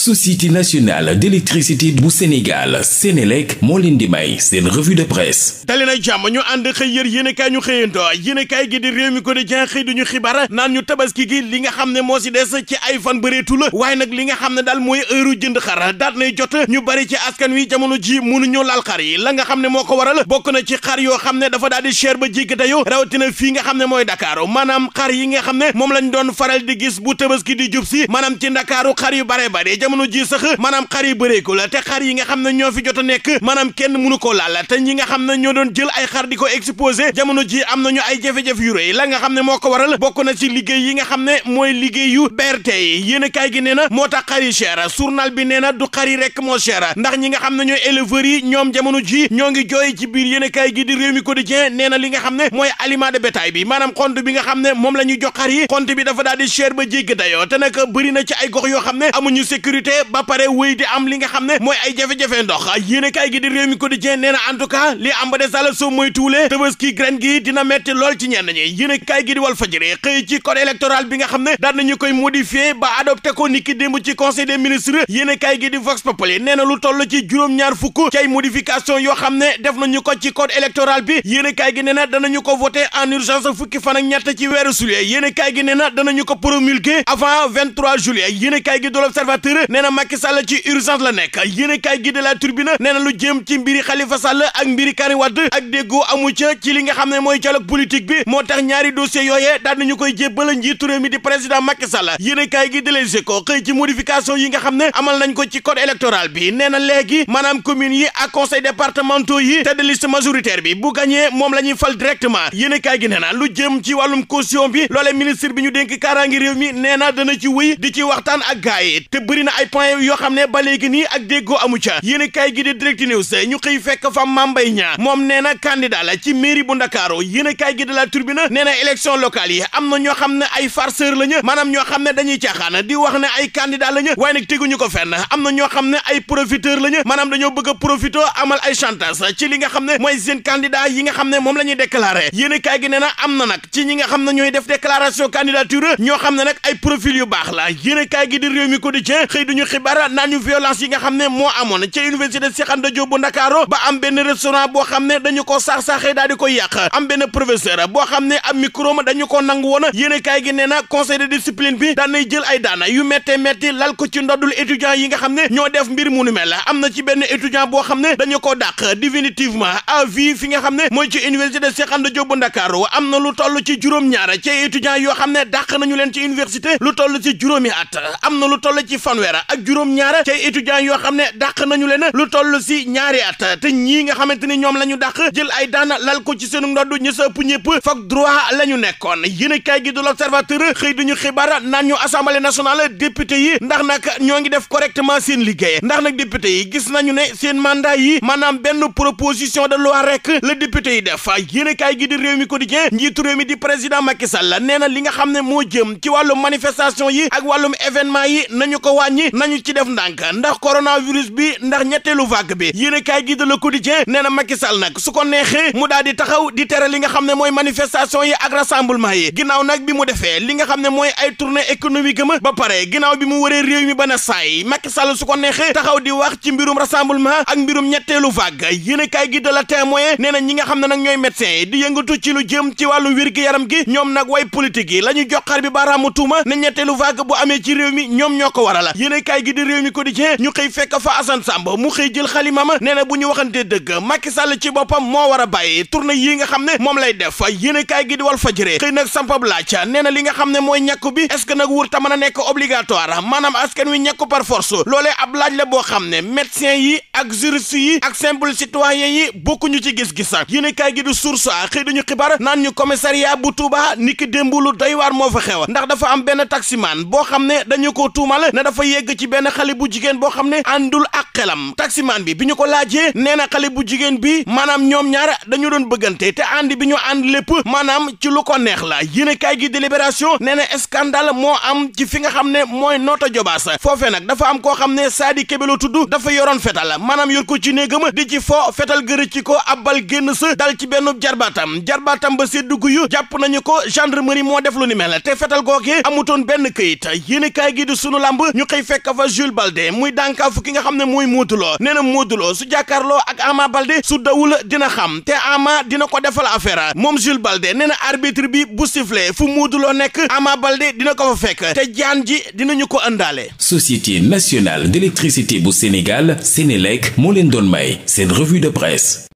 société nationale d'électricité bu Sénégal Sénélec moo leen di may seen revue de presse dali jàmm ñu ànd xëy yër yéenekaay ñu xëyanto yéenekaay gi di réew mi ko di jen xëy duñu xibaar naan ñu tabaski gi li nga xam ne moo si des ci ay fan bëreetul waaye nag li nga xam ne daal mooy heure jënd xar daat nay jot ñu bari ci askan wi jamono ji mënuñu laal xar yi la nga xam ne moo ko waral bokk na ci xar yoo xam ne dafa daal di cher ba jéggi dayo rawatina fii nga xam ne mooy Dakar maanaam xar yi nga xam ne moom lañ doon faral di gis bu tabaski di jub si maanaam ci Ndakaaru xar yu bare jamono ji sax maanaam xar yi bëreeku la te xar yi nga xam ne ñoo fi jot a nekk maanaam kenn mënu ko laal te ñi nga xam ne ñoo doon jël ay xar di jamono ji am nañu ay jafe-jafe yu rëy la nga xam ne moo ko waral bokk na ci liggéey yi nga xam ne mooy liggéey yu BRT yi yéen a kaay gi nee na moo tax xar yi cher journal bi nee na du xar yi rek moo cher ndax ñi nga xam ne ñooy éleveurs yi ñoom jamono ji ñoo ngi jooy ci biir yéen a kaay gi di réew mi quotidien nee na li nga xam ne mooy aliment de bi maanaam xont bi nga xam ne moom la ñuy jox xar yi xont bi dafa daal di cher ba jéeg dayoo te nag bëri na ci ay gox yoo xam ne amuñu sécurité te ba pare wéy di am li nga xam ne mooy ay jafe-jafe ndox yéenekaay gi di Rewmi Quotidien nee na en tout cas li am ba de sala soo mooy tuulee Tabaski gi dina metti lool ci ñenn ñi yéenekaay gi di Walf Fadjri xëy ci code électoral bi nga xam ne daan nañu koy modifier ba adopté ko niki démb ci conseil des ministres yéenekaay gi di Vox Populi nee na lu toll ci juróom-ñaar fukk ci ay modification yoo xam ne def nañu ko ci code électoral bi yéenekaay nee na danañu ko voté en urgence fukki fan ak ñett ci weeru juillet yéenekaay gi na danañu ko promulguer avant 23 juillet yéenekaay gi di L'Observateur nee na Macky Sall ci urgence la nekk yéen kaay gi de la Tribune nee na lu jëm ci mbiri Khalifa Sall ak mbiri Karim Wade ak déggoo amu ca ci li nga xam ne mooy dialogue politique bi moo tax ñaari dossiers yooyee daan nañu koy jébbal njiitu réew mi di président Macky Sall yéen kaay gi de Les Échos xëy ci modification yi nga xam ne amal nañ ko ci code électoral bi nee na léegi maanaam communes yi a conseil départementaux yi tête de liste majoritaire bi bu gagné moom la ñuy fal directement yéen gi nee na lu jëm ci wàllum caution bi loolee ministre bi ñu dénk kaaraange réew mi nee na dana ci wéy di ci waxtaan ak gaay bëri na ay point yoo xam ne ba léegi nii ak déggoo amu ca yéen kaay gi di direct news ñu xëy fekk fa Mame Mbaye moom nee na candidat la ci mairie bu Ndakaaru yéen kaay gi de la Tribune nee na élection locale yi am na ñoo xam ne ay farceur la ñu maanaam ñoo xam ne dañuy caaxaan di wax ne ay candidat la ñu waaye nag teguñu ko fenn am na ñoo xam ne ay profiteur la ñu maanaam dañoo bëgg a amal ay chantage ci li nga xam ne mooy seen candidat yi nga xam ne moom la ñuy déclaré yéen kaay gi nee na am na nag ci ñi nga xam ne ñooy def déclaration candidature ñoo xam ne nag ay profil yu baax la yéen kaay gi duñu xibaar naan ñu violence yi nga xam ne moo amoon ca université Cheikh Anta Diop bu Ndakaaru ba am benn restaurant boo xam ne dañu ko saax-saaxee daal di koy yàq am benn professeur boo xam ne am micro ma dañu ko nang nangu woon yéenekaay gi nee na conseil de bi daan nay jël ay daana yu méttee métti lal ko ci ndoddul étudiant yi nga xam ne ñoo def mbir mu nu mel am na ci benn étudiant boo xam ne dañu ko dàq définitivement à vie fi nga xam ne mooy ci université Cheikh Anta Diop bu Ndakaaru am na lu toll ci juróom-ñaar ci étudiant yoo xam ne dàq nañu leen ci université lu toll ci juróomi at am na lu toll ci fanweer ak juróom-ñaar cay étudiants yoo xam ne dàq nañu leen lu toll si ñaari at te ñii nga xamante ni ñoom la ñu dàq jël ay daan lal ko ci seenu ndodd ñu sa ëpp ñëpp foog droit la ñu nekkoon yéen a kaay gi du l'observateur xëy duñu xibaar naan ñu assemblée nationale député yi ndax nag ñoo ngi def correctement seen liggéey ndax nag député yi gis nañu ne seen mandat yi maanaam benn proposition de loi rek la député yi def yéen a kaay gi di réew mi quotidien njiitu réew mi di président Macky Sall nee na li nga xam ne moo jëm ci wàllum manifestation yi ak wàllum événement yi nañu ko wàññi nañu ci def ndànk ndax coronavirus bi ndax ñetteelu vague bi yéenekaay gi de Le Quotidien nee na Macky Sall nag su ko neexee mu daal di taxaw di tere li nga xam ne mooy manifestation yi ak rassemblement yi ginnaaw nag bi mu defee li nga xam ne mooy ay turne économique ma ba pare ginnaaw bi mu waree réew mi ba na saay Macky Sall su ko neexee taxaw di wax ci mbirum rassemblement ak mbirum ñetteelu vague yéenekaay gi de La Témoin nee na ñi nga xam ne nag ñooy médecins di yëngatu ci lu jëm ci wàllu wér yaram gi ñoom nag way politique yi la ñu joxar bi baaraamu tuuma ñetteelu vague bu amee ci réew mi ñoom ñoo ko waral yéene kaay gi di réew mi quotidien ñu xëy fekk fa Assane Samba mu xëy jël xalimama nee na bu ñu waxantee dëgg a yi nga xam ne moom lay def yéene kaay gi wal fajëre xëy nag sampab laaj nee li nga xam ne mooy ñàkku bi est-ce que nag wur ta mën a nekk obligatoire maanaam askan wi ñàkku par force ab laaj la boo xam ne médecin yi ak juriste yi ak simple citoyen yi bokkuñu ci gis-gis yéene kaay gi di source xëy dañu xibaar naan ñu commissariat bu Touba niki démb lu doy waar moo fa xew ndax dafa am benn taximan boo xam ne dañu ko tuumal ne dafa yegg ci benn xale bu jigéen boo xam ne àndul ak xelam taximaan bi bi ñu ko laajee nee na xale bu jigéen bi maanaam ñoom ñaar dañu doon bëggante te ànd bi ñu ànd lépp maanaam ci lu ko neex la yéen kaay gi délibération nee na scandale moo am ci fi nga xam ne mooy noota jobaas foofe nag dafa am koo xam ne Sadi Kébelo tudd dafa yoroon fetal maanaam yor ko ci néegam di ci fo fetal gërë ci ko bal génn sa dal ci benn jarbaatam jarbaatam ba seddu yu jàpp nañu ko gendarmerie moo def lu ni mel te fetal googee amutoon benn këyit yéen kaay gi di fekk fa Jules Balde muy dànkaafu ki nga xam ne mooy Modou Lo nee na Modou Lo su jàkkaarloo ak Ama Balde su dawul dina xam te Ama dina ko defal affaire moom Jules Balde nee na arbitre bi bu sifflé fu Modou nekk Ama Balde dina ko fa fekk te jaan ji dinañu ko ëndaale. Société nationale d'électricité bu Sénégal Sénélec moo leen doon may seen revue de presse.